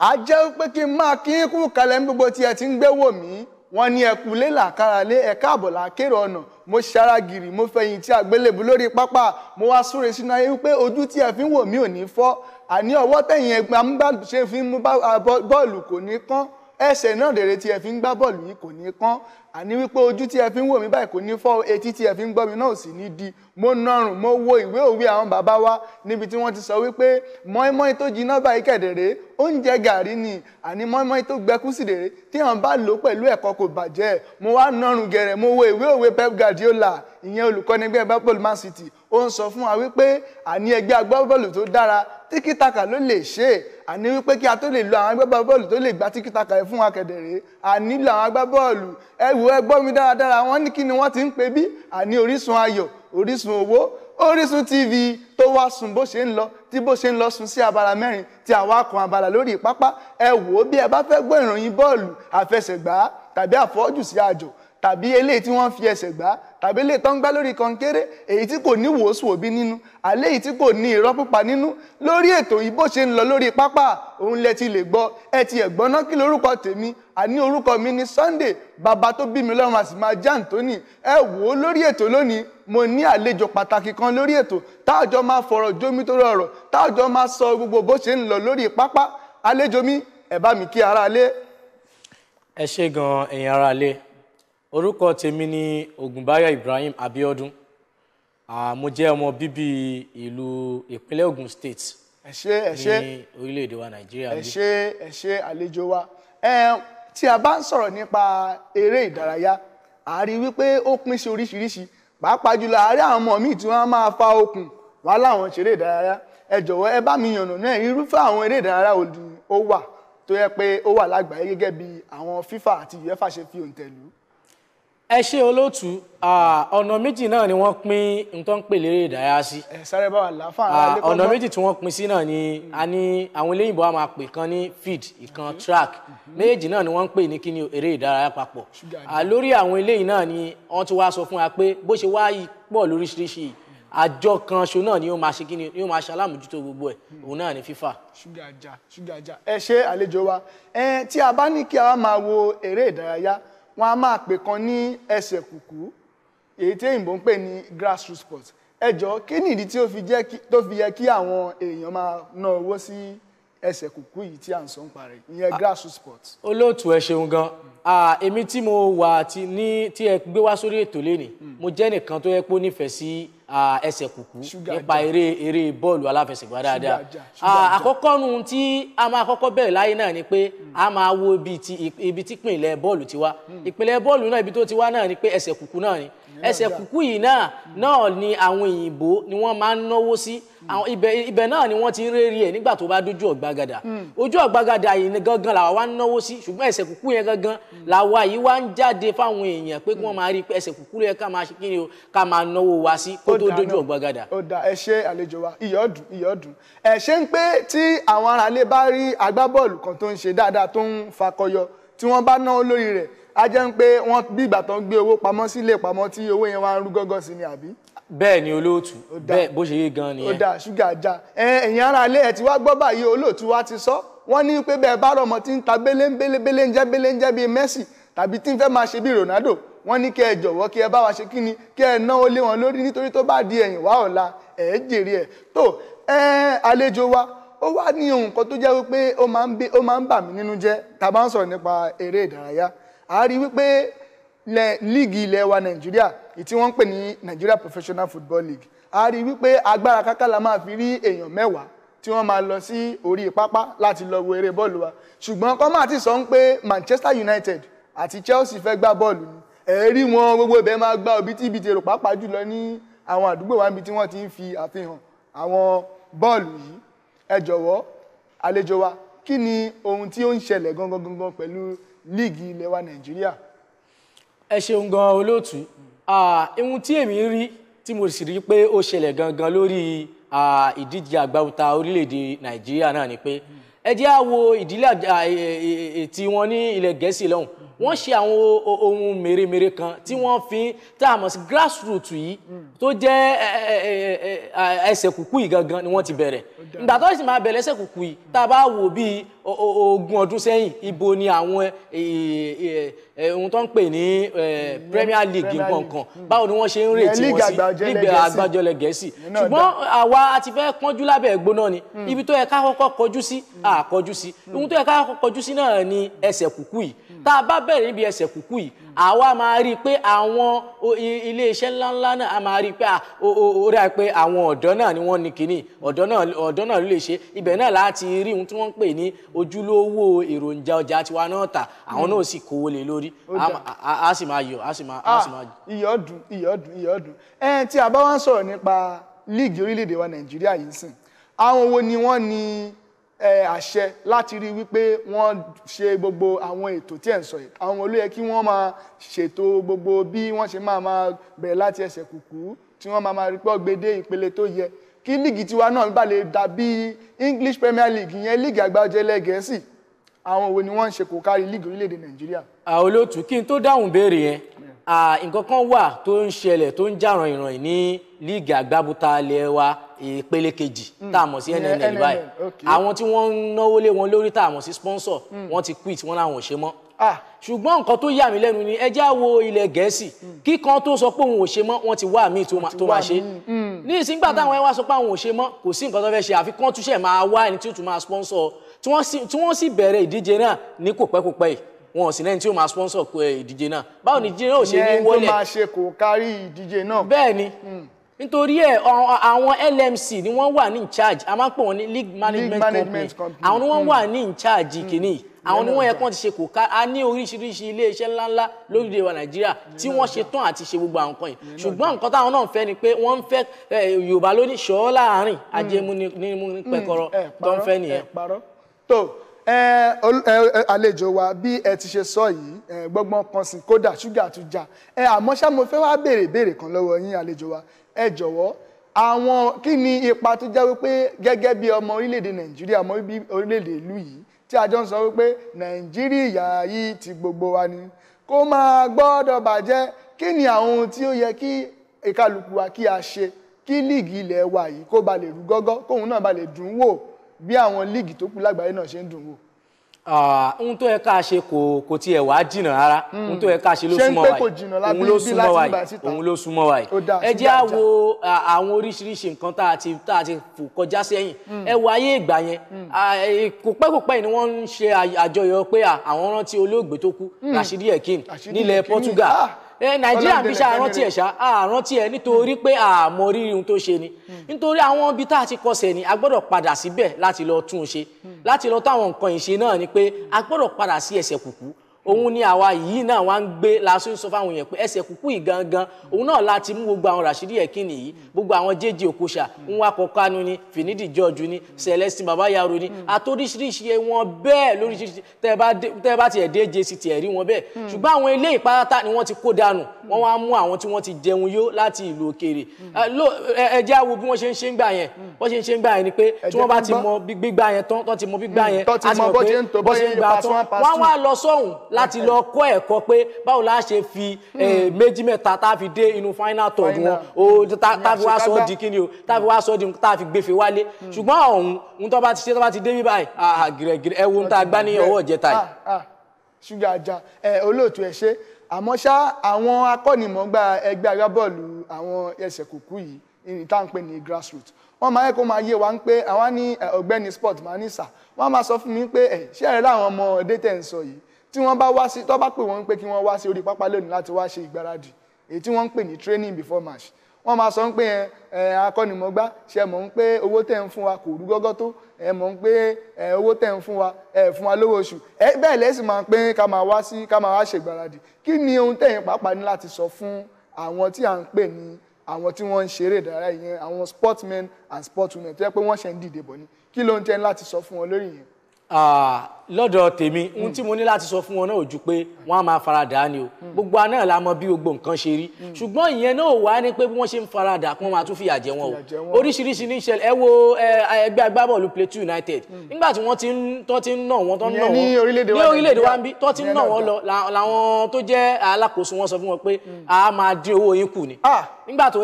a jẹ́ pé kí n máa kí n kú kalẹ̀ ní gbogbo tí ẹ ti ń gbé wò mí wọ́n ní ẹkú lélà káralé ẹ̀ka àbọ̀là kéré ọ̀nà mo ṣara gìrì mo fẹ̀yìn tí àgbélébù lórí pápá mo wá súre sínú ayé wípé ojú tí ẹ fi ń wò mí ò ní fọ́ àní ọwọ́ tẹ̀yìn ẹgbẹ́ amúgbàgbé ṣe fi ń mú bọ́ọ̀lù kò ní kán ẹsẹ̀ náà rèrè tí ẹ fi ń gbá bọ́ọ̀lù yìí kò ní kán àní wípé ojú tí ẹ fi ń wò mí báyìí kò ní fọ́ etí tí ẹ fi ń gbọ́ mi náà sì ní di mo nọrùn mo wo ìwé òwe àwọn bàbá wa níbi tí wọ́n ti sọ wípé mọ́ínmọ́ín tó jiná báyìí kẹ̀dẹ̀rẹ́ oúnjẹ gàrí ni àní mọ́ínmọ́ín tó gbẹ́kú sì dèrè tí wọ́n bá lò pẹ̀lú ẹ̀kọ́ kò bàjẹ́ mo wá nọrùn gẹ̀rẹ̀ mo wo ìwé òwe Pep Guardiola ìyẹn olùkọ́ni ẹgbẹ́ bapol Man City ó ń sọ fún wa wípé àní ẹgbẹ́ agbábọ́ọ̀lù tó dára tíkítàkà ló lè ṣe àní wípé kí a tó lè lo àwọn agbábọ́ọ̀lù tó lè gba tíkítàkà ẹ̀ fún wa kẹ̀dẹ̀rẹ́ ànílò àwọn agbábọ́ọ̀lù ẹ̀wù ẹgbọ́ mi dáradára wọ́n ní kí ni wọ́n ti ń pè bí àní orísun ayọ̀ orísun owó orísun tv tó wá sùn bó ṣe ń lọ tí bó ṣe ń lọ sùn sí abala mẹ́rin tí àwa kan abala lórí ìpápá ẹ wò ó bí ẹ bá fẹ́ gbọ́ ìròyìn bọ́ọ̀lù àfẹsẹ̀gbá tàbí àfọ́jù sí àjò tàbí eléyìí tí wọ́n fi ẹsẹ̀ gbá tàbí eléyìí tó ń gbá lórí kọ̀ǹkéré èyí tí kò ní wòósùwòbí nínú àléyìí tí kò ní irọ́ pípa nínú lórí ètò yìí ṣe ń lọ lórí pápá òun lẹ ti lè gbọ́ ẹ ti ẹ̀gbọ́n náà kí lórúkọ tèmi àní orúkọ mi ni Sunday bàbá tó bí mi lọ́run àti máa jẹ́ Anthony ẹ wò ó lórí ètò lónìí mo ní àlejò pàtàkì kan lórí ètò táàjọ máa fọ̀rọ̀ jómi tó rọrọ̀ táàjọ máa sọ gbogbo bó ṣe ń lọ lórí pápá àlejò mi ẹ bá mi kí ara lé. ẹ ṣe gan ẹ̀yin ara lé orúkọ tèmi ni Ògúnbáyọ̀ Ibrahim Abíọ́dún mo jẹ́ ọmọ bíbí ìlú ìpínlẹ̀ Ògùn state ẹ ṣé ẹ ṣé ní orílẹ̀-èdè wa Nàìjíríà ẹ ṣé ẹ ṣé àlejò wa tí a bá ń sọ̀rọ̀ nípa eré ìdárayá a rí wípé ó pín sí oríṣiríṣi pàápàá jùlọ àárẹ̀ àwọn ọmọ míì tí wọ́n máa fa okùn wá láwọn ṣeré ìdárayá ẹ jọ̀wọ́ ẹ bá mi yànnà náà irúfẹ́ àwọn eré ìdárayá òdì ó wà tó yẹ pé ó wà lágbàáyé gẹ́gẹ́ bí àwọn FIFA àti UEFA ṣe fi òǹtẹ̀ ẹ ṣe olóòtú ọ̀nà méjì náà ni wọ́n pín nǹkan ń pè lérè ìdárayá sí. ẹ sáré bá wà láfa ara ọ̀nà méjì tí wọ́n pín sí náà ni a ní àwọn eléyìnbó a máa pè kan ní feed ìkan mhm. track mhm. méjèèjì náà ni wọ́n ń pè ní kíni eré ìdárayá papọ̀. lórí àwọn eléyìí náà ni wọ́n ti wá sọ fún wa pé bó ṣe wá yìí pọ̀ lóríṣiríṣi àjọ kan ṣo náà ni ó máa ṣe kíni ni ó máa ṣe alámòjútó gbogbo ẹ̀ hmm. òun náà ni FIFA. ṣúgà ajá ṣúgà ajá ẹ ṣe àlejò wa ẹ tí a bá ní kí a máa wo eré ìdárayá wọ́n á máa pè kan ní ẹsẹ̀ kùkú èyí tí èyìnbó ń pè ní grassroots sports ẹ jọ̀ọ́ kí nìdí tí ó fi jẹ́ tó fi yẹ kí àwọn èèyàn máa ná owó sí ẹsẹ̀ kùkú yìí tí à ń sọ ń parẹ́ ìyẹn grassroots sports. olóòtú ẹ ṣeun gan èmi tí mo wà ní tí ẹ gbé wá sórí ètò lénìí hmm. mo jẹ́ nìkan tó yẹ pé nífẹ̀ẹ́ sí ẹsẹ̀ kùkú nípa eré eré bọ́ọ̀lù aláfẹsẹ̀gbá dáadáa àkọ́kọ́ nu tí a máa kọ́kọ́ bẹ̀rẹ̀ láyé náà ni pé a hmm. máa wo ibi tí ìpínlẹ̀ bọ́ọ̀lù ti wá hmm. ìpínlẹ̀ bọ́ọ̀lù náà ibi tó ti wá náà ni pé ẹsẹ̀ kùkú náà ni ẹsẹ̀ kùkú yìí náà náà ni àwọn òyìnbó ni wọ́n máa ń náwó sí àwọn náà ni wọ́n ti ń rérí ẹ̀ nígbà tó bá dójú ọ̀gbagadà hmm. ojú ọ̀gbagadà yìí ni gangan làwa wá ń náwó sí ṣùgbọ́n ẹsẹ̀ kùkú yẹn gangan làwa yìí wá ń jáde fáwọn èèyàn pé kí wọ́n máa rí pé ẹsẹ̀ kùkú yẹn ká máa ṣe kíni o ká máa náwó wa sí kó tó dójú ọ̀gbagadà. ó dà ẹ ṣe àlejò wa ìyọ́dún ìyọ́dún ẹ ṣe ń pé tí àwọn aráalé bá rí agbábọ́ọ̀lù kan tó ń ṣe dáadáa tó ń fakọyọ tí wọ́n bá náwó lórí rẹ̀ a jẹ́ ń pé wọ́n bí ìgbà tó ń gbé owó pamọ́ sílé pamọ́ tí owó yẹn wá ń rú gọ́gọ́ sí ni àbí. bẹ́ẹ̀ ni olóòtú bẹ́ẹ̀ bó ṣe yé gan nìyẹn. ó dà ṣúgà já ẹ̀yin ara ilé ẹ̀ tí wá gbọ́ báyìí olóòtú wa ti sọ wọ́n ní pé bẹ́ẹ̀ bá rọmọ tí ń ta béléńbélébéléńjẹ́ béléńjẹ́ bíi Messi tàbí tí ń fẹ́ máa ṣe bíi Ronaldo wọ́n ní kí ẹ jọ̀wọ́ kí ẹ bá wa ṣe kí ni kí ẹ náwó lé wọn lórí nítorí tó bá di ẹ̀yìn wá ọ̀la ẹ̀ jèrè ẹ̀ tó ẹ àlejò wa ó wá ní nǹkan tó jẹ́ wípé ó máa ń bà mí nínú jẹ́ tá a bá ń sọ̀rọ̀ nípa eré ìdárayá a rí wípé líìgì ilẹ̀ wa nàìjíríà tí wọ́n ń pè ní Nigeria Professional Football League a rí wípé agbára káká la máa fi rí èèyàn mẹ́wàá tí wọ́n máa lọ sí orí pápá láti lọ wo eré bọ́ọ̀lù wa ṣùgbọ́n kọ́ máa ti sọ ń pé Manchester United àti Chelsea fẹ́ gbá bọ́ọ̀lù ni ẹ̀rí wọn gbogbo ibẹ̀ máa gbá òbítíbitì èrò pàápàá jùlọ ní àwọn àdúgbò wa níbi tí wọ́n ti ń fi àfihàn àwọn bọ́ọ̀lù yìí ẹ jọ̀wọ́ àlejò wa kí ni ohun tí ó ń ṣẹlẹ̀ gangan gangan pẹ̀lú League ilẹ̀ wa nàìjíríà. ẹ ṣeun gan olóòtú ihun tí èmi rí tí mo sì rí pé ó ṣẹlẹ̀ gangan lórí ìdíje àgbáwuta orílẹ̀-èdè nàìjíríà náà ni pé ẹ jẹ́ á ìdílé tí wọ́n ní ilẹ̀ gẹ̀ẹ́sì lọ́hùn wọ́n ṣe àwọn ohun mèremère kan tí wọ́n fi tá a mọ̀ sí grassroots yìí tó jẹ́ ẹsẹ̀ kùkú yìí gangan ni wọ́n ti bẹ̀rẹ̀ ìgbà tó sì máa bẹ̀rẹ̀ ẹsẹ̀ kùkú yìí tá a bá wò bíi ogún ọdún sẹ́yìn ibo ni àwọn ohun tó ń pè ní Premier League nǹkan kan báwo ni wọ́n ṣe ń retí wọn sí lígbẹ̀ àgbájọlẹ̀ gẹ̀ẹ́sì ṣùgbọ́n àwa ti fẹ́ kánjú lábẹ́ gbóná ni hmm. ibi tó yẹ ká kọ́kọ́ kọjú sí àkọjú sí hmm. ohun tó yẹ ká kọ́kọ́ kọjú sí náà ni ẹsẹ̀ kùkú yìí tá a bá bẹ̀rẹ̀ níbi ẹsẹ̀ kúkú yìí àwa máa rí i pé àwọn iléeṣẹ́ ńláńlá náà a máa rí i pé ó rà àwọn ọ̀dọ́ náà ni wọ́n ní kínní ọ̀dọ́ náà ọ̀dọ́ náà ló lè ṣe ibẹ̀ náà láti rí ohun tí wọ́n ń pè ní ojúlówó èròjà ọjà tiwa náà tà àwọn náà sì kówó lé lórí a sì máa yọ a sì máa jù. ìyọ́dún ah, ìyọ́dún ìyọ́dún tí a bá wá ń sọ̀rọ̀ nípa líìgì orílẹ̀-èdè wa Nàìjíríà yìí sìn àwọn wo ni wọ́n ní àṣẹ láti rí wípé wọ́n ṣe gbogbo àwọn ètò tí ẹ̀ ń sọ yìí àwọn olóyè kí wọ́n máa ṣètò gbogbo bí wọ́n ṣe máa máa bẹ̀rẹ̀ láti ẹsẹ̀ kùkú tí wọ́n máa máa rí pé ọ̀gbẹ́dẹ́ ìpele tó yẹ kí líìgì tiwa náà bá lè dàbí English Premier League ìyẹn líìgì àgbájọlẹ̀ Gẹ̀ẹ́sì àwọn wo ni wọ́n ń ṣe kò kárí líìgì orílẹ̀-èdè Nàìjíríà. olóòtú kí n tó dáhùn béèrè yẹn nǹkan kan wà tó ń ṣẹlẹ̀ tó ń líìgì àgbábuta ilẹ̀ wa ìpele kejì hmm. tá a mọ̀ sí nnl báyìí àwọn tí wọ́n ń náwó lé wọn lórí tá a mọ̀ sí sponsor hmm. wọ́n ti quit wọ́n làwọn ò ṣe mọ́ ah. ṣùgbọ́n nǹkan tó yà mí lẹ́nu ni ẹjẹ́ àwo ilẹ̀ gẹ̀ẹ́sì hmm. kíkan tó sọ pé òun ò ṣe mọ́ wọ́n ti wá míì tó máa ṣe ní ìsìngbà táwọn ẹ wá sọ pé àwọn ò ṣe mọ́ kò sí nǹkan tó fẹ́ ṣe àfikún túṣẹ̀ máa wá ẹni tí tún máa sponsor tí wọ́n sì bẹ̀rẹ̀ ìdíje náà ní kò pẹ́ kò pẹ́ yìí wọn ò sì lẹ́ni tí ó máa sponsor eh, ìdíje náà báwo ni ìdíje náà ò ṣe ní wọlé ni nítorí ẹ àwọn LMC ni wọ́n wà ní in charge a máa ń pè wọ́n ní league management, company àwọn ni wọ́n hmm. wà ní in charge hmm. kìíní àwọn ni wọ́n yẹ kán ti ṣe kò ká a ní oríṣiríṣi iléeṣẹ́ ńláńlá lórílẹ̀ wa nàìjíríà tí wọ́n ṣe tán àti ṣe gbogbo àwọn nǹkan yìí ṣùgbọ́n nǹkan táwọn náà ń ni pé wọ́n ń fẹ́ yorùbá ló ní ṣọ́ láàárín hmm. ajémú ní mú ní pẹkọrọ tó ń fẹ́ nìyẹn. tó àlejò wa bí ẹ ti ṣe sọ yìí gbọ́gbọ́n kan sí kódà ṣúgà tún já àmọ́ ṣá mo fẹ́ wá béèrè béèrè kan lọ́wọ́ yín àlejò wa ẹ jọ̀wọ́ àwọn kí ni ipa tó jẹ́ wípé gẹ́gẹ́ bí ọmọ orílẹ̀-èdè nàìjíríà ọmọ orílẹ̀-èdè ìlú yìí tí a jọ ń sọ wípé nàìjíríà yìí ti gbogbo wa ni kó máa gbọ́dọ̀ bàjẹ́ kí ni àwọn ohun tí ó yẹ kí ìkálukú wa kí a ṣe kí líìgì ilẹ̀ wa yìí kó ba lè rú gọ́gọ́ kóun náà ba lè dùn wò bí àwọn líìgì tó kù lágbàáyé náà ṣe ń dùn wò. Ah, ohun tó yẹ ká ṣe kò kò tiẹ̀ wá jìnnà rárá hmm. ohun tó yẹ ká ṣe ló súnmọ́ wa yìí òun ló súnmọ́ wa yìí ẹ jẹ́ á àwọn oríṣiríṣi nǹkan tá a ti tá a ti fò kọjá sẹ́yìn hmm. ẹ wo ayé ìgbà yẹn hmm. kò pẹ́ kò pẹ́ ni wọ́n ń ṣe àjọyọ̀ pé àwọn rántí olóògbé tó kú Rashidi Ekin nílẹ̀ Portugal ah. Eh, nàìjíríà bí ṣe àrántí ẹ̀ ṣá àrántí ẹ̀ nítorí pé àmọ́ rírì ohun tó ṣe ni hmm. nítorí àwọn ibi tá a ti kọsẹ̀ ni a gbọ́dọ̀ padà síbẹ̀ láti lọ tún un ṣe hmm. láti lọ táwọn nǹkan ìṣe náà ni pé a gbọ́dọ̀ padà sí ẹsẹ̀ kùkú òun ni àwa yìí náà wá ń gbé lásán sọ fáwọn èèyàn pé ẹsẹ̀ kúkú yìí gangan òun náà láti mú gbogbo àwọn Rashidi Yekini yìí gbogbo àwọn jẹ́jì òkúṣà Nwako Kanu ni Finidi George ni Celestine Babayaro ni hmm. àtòríṣiríṣi wọn bẹ́ẹ̀ lóríṣiríṣi tẹ́ bá tiẹ̀ dé jẹ́ sí tiẹ̀ rí wọn bẹ́ẹ̀ hmm. ṣùgbọ́n àwọn ilé ìpárátá ni wọ́n ti kó dànù hmm. wọ́n wá mú àwọn tí wọ́n ti jẹun yó láti ìlú òkèèrè ẹ jẹ́ á wo bí wọ́n ṣe ń ṣe ń gbà yẹn wọ́n ṣe ń ṣe ń gbà yẹn ni pé tí wọ́n bá ti mọ gbígbà yẹn tán tán ti mọ gbígbà yẹn á mọ pé bọ́ ń gbà tán wọ́n wá lọ sọ́hùn láti lọ kọ́ ẹ̀kọ́ pé báwo la ṣe fi hmm. eh, méjì mẹ́ta tá a fi dé inú final third wọn o hmm. tá a fi wá sọ ọ́ di kíni o tá a fi wá sọ ọ́ di tá a fi gbé fi wálé hmm. ṣùgbọ́n ọ̀hún ń tọ́ bá ti ṣe tọ́ bá ti dé bí báyìí gírẹ́gírẹ́ ẹ wo ń tá a gbá ní ọwọ́ ìjẹta yìí. Ah, ah, ṣúgà ajá olóòtú ẹ ṣe àmọ́ ṣá àwọn akọ́nimọ̀ọ́gbà ẹgbẹ́ agbábọ́ọ̀lù àwọn ẹsẹ̀ kùkú yìí ìrìn ní grassroots wọ́n máa yẹ kó máa yé wa pé àwa ní ọ̀gbẹ́ni sport máa ní sà wọ́n máa sọ fún mi pé ẹ̀ ṣé ẹ̀rẹ́ láwọn ọmọdé tẹ̀ ń sọ yìí tí wọ́n bá wá sí tó bá pè wọ́n pé kí wọ́n wá sí orí pápá lónìí láti wá ṣe ìgbáradì èyí tí wọ́n ń pè ní training before match wọ́n máa sọ pé akọ́nimọ̀gbá ṣe mọ̀ ń pé owó tẹ̀ ń fún wa kò rú gọ́gọ́ tó ẹ mọ̀ ń pé owó tẹ̀ ń fún wa ẹ fún wa lówó oṣù bẹ́ẹ̀ lẹ́sìn máa ń pé ká máa wá sí ká máa wá ṣègbáradì kí ni ohun tẹ̀yìn pàápàá ní láti sọ fún àwọn tí à ń pè ní àwọn tí wọ́n ń ṣeré ìdárayá yẹn àwọn sportsmen and sportswomen tó yẹ pé wọ́n ṣe ń dìde bọ̀ ni kí ló ń tẹ́ láti sọ fún wọn lórí yẹn. Ah, lọ́dọ̀ tèmi hmm. ohun tí mo ní láti sọ fún wọn náà ò pé wọ́n á máa faradà ni o hmm. gbogbo aná la mọ bí gbogbo nǹkan ṣe rí hmm. ṣùgbọ́n ìyẹn náà wà ní pé bí wọ́n ṣe ń faradà kí wọ́n máa tún fìyà jẹ wọn o oríṣiríṣi ní ìṣẹ̀lẹ̀ ẹ wo ẹgbẹ́ agbábọ́ọ̀lù Plateau United nígbà tí wọ́n ti ń tọ́ ti ń nà wọ́n tọ́ ń nà wọ́n ní orílẹ̀-èdè wa ń bí tọ́ ti ń nà wọ́n lọ làwọn tó jẹ́ alákòóso wọn sọ fún wọn pé a máa dín owó yín kù ni ah! nígbà tó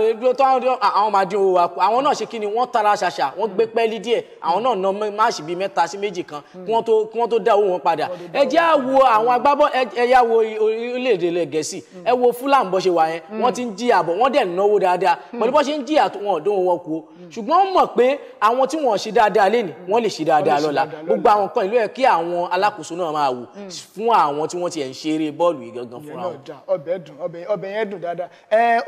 àwọn máa dín owó wa kù àwọn náà ṣe kí ni wọ́n tara ṣàṣà wọ́n gbé pẹ́ẹ́lí díẹ̀ àwọn náà ná máàṣì bíi mẹ́ta sí méjì kan kí wọ́n tó tó dá owó wọn padà ẹ jẹ́ á wo àwọn agbábọ́ ẹ yá wo orílẹ̀-èdè ilẹ̀ gẹ̀ẹ́sì ẹ wo fúlàní bó ṣe wà yẹn hmm. wọ́n ti ń jìyà bọ̀ wọ́n dẹ̀ náwó dáadáa hmm. pẹ̀lú bó ṣe ń jìyà wọn ọ̀dọ́ wọn kú ṣùgbọ́n wọ́n mọ̀ pé àwọn tí wọ́n ṣe dáadáa lénìí hmm. wọ́n lè ṣe dáadáa lọ́la gbogbo àwọn kan ìlú ẹ̀ kí àwọn alákòóso náà máa wò fún àwọn tí wọ́n ti ẹ̀ ń ṣeré bọ́ọ̀lù yìí gangan fúnra wọn. ọbẹ̀ dùn ọbẹ̀ yẹn dùn dáadáa ẹ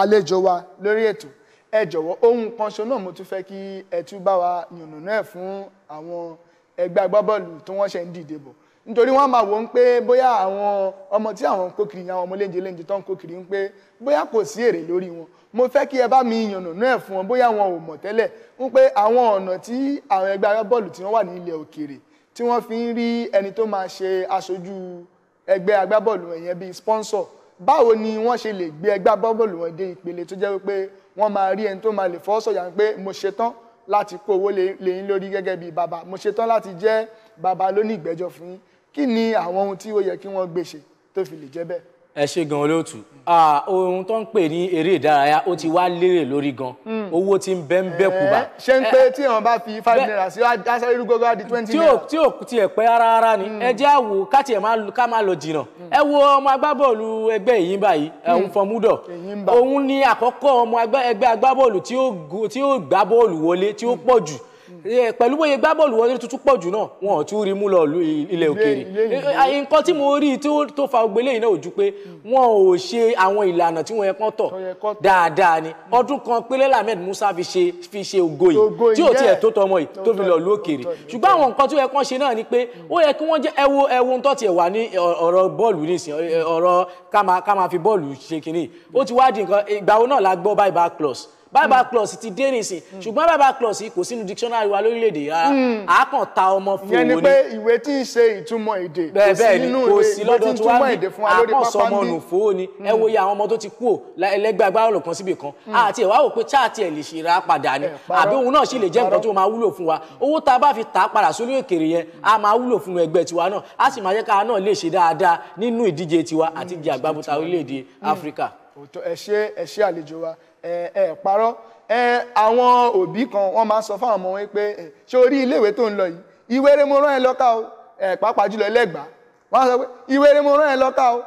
àlejò wa lórí ètò ẹ jọ̀wọ́ ohun kan ṣo náà mo tún fẹ́ kí ẹ tún bá wa yànnàná ẹ̀ fún àwọn ẹgbẹ́ agbábọ́ọ̀lù tí wọ́n ṣe ń dìde bọ̀ nítorí wọ́n máa wò ń pé bóyá àwọn ọmọ tí àwọn ń kó kiri àwọn ọmọ léńjẹ léńjẹ tó ń kó kiri ń pé bóyá kò sí èrè lórí wọn mo fẹ́ kí ẹ bá mi yànnàná ẹ̀ fún wọn bóyá wọn ò mọ̀ tẹ́lẹ̀ ń pé àwọn ọ̀nà tí àwọn ẹgbẹ́ agbábọ́ọ̀lù tí wọ́n wà ní ilẹ̀ òkèèrè tí wọ́n fi ń rí ẹni tó máa ṣe aṣojú ẹgbẹ́ agbábọ́ọ̀lù ẹ̀yẹn bíi sponsor báwo ni wọ́n ṣe lè gbé ẹgbẹ́ agbábọ́ọ̀lù wọn dé ìpele tó jẹ́ wípé wọ́n máa rí ẹni tó máa lè fọwọ́sọ̀yà pé mo ṣetán láti kó owó lẹ́yìn lórí gẹ́gẹ́ bí bàbá mo ṣetán láti jẹ́ bàbá lónìí ìgbẹ́jọ́ fún yín kí ni àwọn ohun tí ó yẹ kí wọ́n gbèsè tó fi lè jẹ́ bẹ́ẹ̀ ẹ ṣe gan olóòtú ohun tó ń pè ní eré ìdárayá ó ti wá lérè lórí gan hmm. owó ti ń bẹ́ ń bẹ́ kùbà. Eh, ṣé ń pé eh, tí wọn bá fi five naira sí aṣáré irú gógó di twenty naira. tí ò tiẹ̀ pẹ́ rárá ni hmm. ẹ jẹ́ àwò káti ẹ̀ ká máa lọ jìnnà hmm. ẹ wo ọmọ agbábọ́ọ̀lù ẹgbẹ́ eh, èyí báyìí ẹ̀hún fọmúdọ̀ òun ni àkọ́kọ́ ọmọ ẹgbẹ́ agbábọ́ọ̀lù tí ó gbá bọ́ọ̀lù wọlé tí ó pọ̀ jù pẹ̀lú bóyá gbá bọ́ọ̀lù wọlé tuntun pọ̀ jù náà wọn ò tún rí mú lọ ilẹ̀ òkèèrè nǹkan tí mo rí tó fa ògbélé yìí náà ò ju pé wọn ò ṣe àwọn ìlànà tí wọ́n yẹ kán tọ̀ dáadáa ni ọdún kan péré Ahmed Musa fi ṣe fi ṣe ògo yìí tí ò tiẹ̀ tó tọmọ yìí tó fi lọ ìlú òkèèrè ṣùgbọ́n àwọn nǹkan tí wọ́n yẹ kán ṣe náà ni pé ó yẹ kí wọ́n jẹ́ ẹwo ẹwo ń tọ́tì ẹ̀ wà ní ọ̀rọ̀ bọ́ọ̀lù nísìn ọ̀rọ̀ ká máa fi bọ́ọ̀lù ṣe kinní ó ti wá di nǹkan ìgbà wo náà la gbọ́ bye bye clause baba hmm. clause ti dé nìsín hmm. ṣùgbọ́n baba clause kò sínú dictionary wa lórílẹ̀‐èdè rárá hmm. a kàn ta ọmọ fún òun ni. ìyẹn ni pé ìwé tí ń ṣe ìtumọ̀ èdè kò sí nínú ìwé tí ń túmọ̀ èdè fún wa lórí pápá mi. àkànṣọ ọmọ nù fún òní ẹ wo iye àwọn ọmọ tó ti kú ò ẹlẹgbẹ́ agbárò kan síbì kan àti ìwà wò pé chaati ẹ̀ lè ṣe ra padà ni eh, àbí òun náà sì lè jẹ́ nǹkan tó máa wúlò fún wa owó tá a bá fi tà á padà sórí òkèrè yẹn a máa wúlò fún ẹgbẹ́ tiwa náà a sì máa jẹ́ ká náà lè ṣe dáadáa nínú ìdíje tiwa àti ìdíje àgbábọ́ta orílẹ̀-èdè Áfíríkà. ẹ ṣé ẹ ṣé àlejò wa ẹ ẹ parọ́ ẹ àwọn òbí kan wọ́n máa ń sọ fáwọn ọmọ wọn pé ṣé o rí iléèwé tó ń lọ yìí ìwé eré mo rán ẹ lọ́ka o ẹ pàápàá jùlọ ẹlẹ́gbàá wọ́n á sọ pé ìwé eré mo rán ẹ lọ́ka o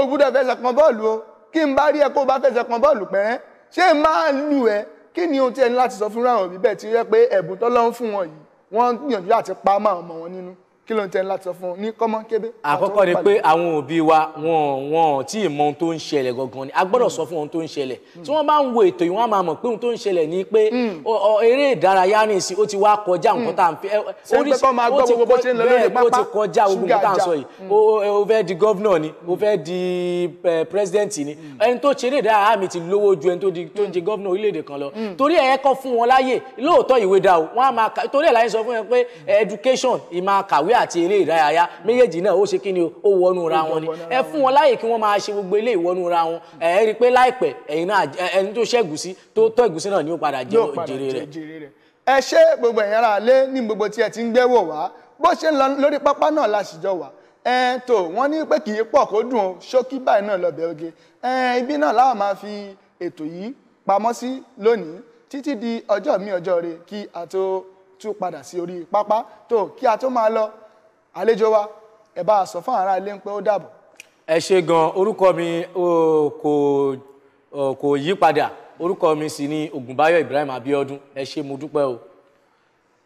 ó gbúdọ̀ fẹsẹ̀ kan bọ́ọ̀lù o kí n bá rí ẹ kó o bá fẹsẹ̀ kan bọ́ọ̀lù pẹ̀rẹ́ ṣé n máa lù ẹ kí ni ohun tí ẹni láti sọ fúnra wọn bíbẹ̀ tí ó yẹ pé ẹ̀bùn tọ́lọ́ ń fún wọn yìí wọ́n gbìyànjú àti pa máa ọmọ wọn nínú kí ló ń tẹ́ láti sọ fún un ní kọ́mọ́ kébé. àkọ́kọ́ ni pé àwọn òbí wa wọn wọn tí ì mọ ohun tó ń ṣẹlẹ̀ gangan ni a gbọ́dọ̀ sọ fún ohun tó ń ṣẹlẹ̀ hmm. tí wọ́n bá ń wo ètò yìí wọ́n á máa mọ̀ pé ohun tó ń ṣẹlẹ̀ ni pé hmm. eré ìdárayá ní ìsìn ó ti wá kọjá nǹkan hmm. tá à ń fi oríṣi ó ti kọjá gbogbo nǹkan tá à ń sọ yìí o fẹ́ di gọ́vnọ̀ ni o fẹ́ di pírẹsidẹ́ǹtì ni ẹni tó ṣeré ìdárayá mi ti lówó ju ẹni tó ń jẹ gọ́vnọ̀ orílẹ̀-èdè kan lọ torí ẹ̀ kọ́ fún wọn láyè lóòótọ́ ìwé dà o wọ́n á máa torí ẹ̀ láyé sọ fún ẹ pé education àti eré ìdárayá méjèèjì náà ó ṣe kí ni ó wọnú ra wọn ni ẹ fún wọn láyè kí wọ́n máa ṣe gbogbo ilé ìwọnú ra wọn ẹ rí i pé láìpẹ́ ẹ̀yin náà ẹni tó ṣẹ́gùsí tó tọ́ ẹ̀gúsí náà ni ó padà jèrè rẹ̀. ẹ ṣé gbogbo ẹ̀yin ará alẹ́ ní gbogbo tí ẹ ti ń gbẹ́wò wá bó ṣe ń lọ lórí pápá náà láṣìjọ wà ẹn tó wọ́n ní pé kì í pọ̀ kó dùn ṣókí báyìí náà lọ́bẹ̀ oge ẹn ibi náà láwọn di ọjọ́ mi ọjọ́ rẹ kí a tó tún padà sí orí pápá tó àlejò wa ẹ bá a sọ fún ara ilé ń pẹ́ ó dàbọ̀. ẹ ṣe gan orúkọ mi kò yí padà orúkọ mi sì ni Ògúnbáyọ̀ Ibrahim Abíọ́dún ẹ ṣe mo dúpẹ́ o.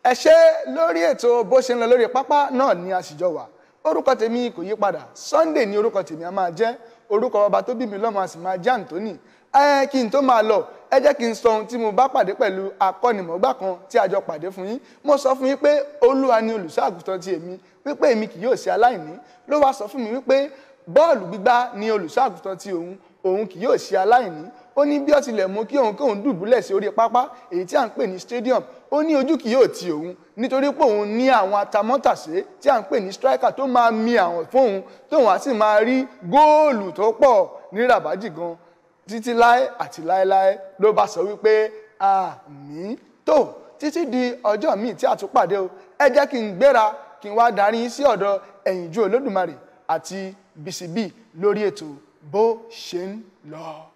ẹ ṣe lórí ètò bó ṣe ń lọ lórí pápá náà ni a sì jọ wà orúkọ tèmi kò yí padà Sunday ni orúkọ tèmi a máa jẹ́ orúkọ bàbá tó bí mi lọ́mọ a sì máa jẹ́ Anthony ẹ kí n tó máa lọ ẹ jẹ́ kí n sọ ohun tí mo bá pàdé pẹ̀lú akọ́nimọ̀gbà kan tí a jọ pàdé fún yín mo sọ fún yín pé olúwa ni olùṣọ́àgùtàn ti èmi wípé èmi kì yóò ṣe aláìní ló wá sọ fún mi wípé bọ́ọ̀lù gbígbá ni olùṣọ́àgùtàn ti òun òun kì yóò ṣe aláìní ó ní bí ó tilẹ̀ mú kí òun kóun dùbúlẹ̀ sí orí pápá èyí tí à ń pè ní stadium ó ní ojú kì yóò ti òun nítorí pé òun ní àwọn atamọ́tàsé tí à ń pè ní striker tó máa mi àwọn fóun tóun á sì máa rí góòlù tó pọ̀ ní ràbájì gan títí láé àti láéláé ló bá sọ wípé àmín tó títí di ọjọ́ míì tí a tún pàdé o ẹ jẹ́ kí n gbéra kí n wá darí yín sí ọ̀dọ̀ ẹ̀yìnjú olódùmarè àti bísíbì lórí ètò bó ṣe ń lọ.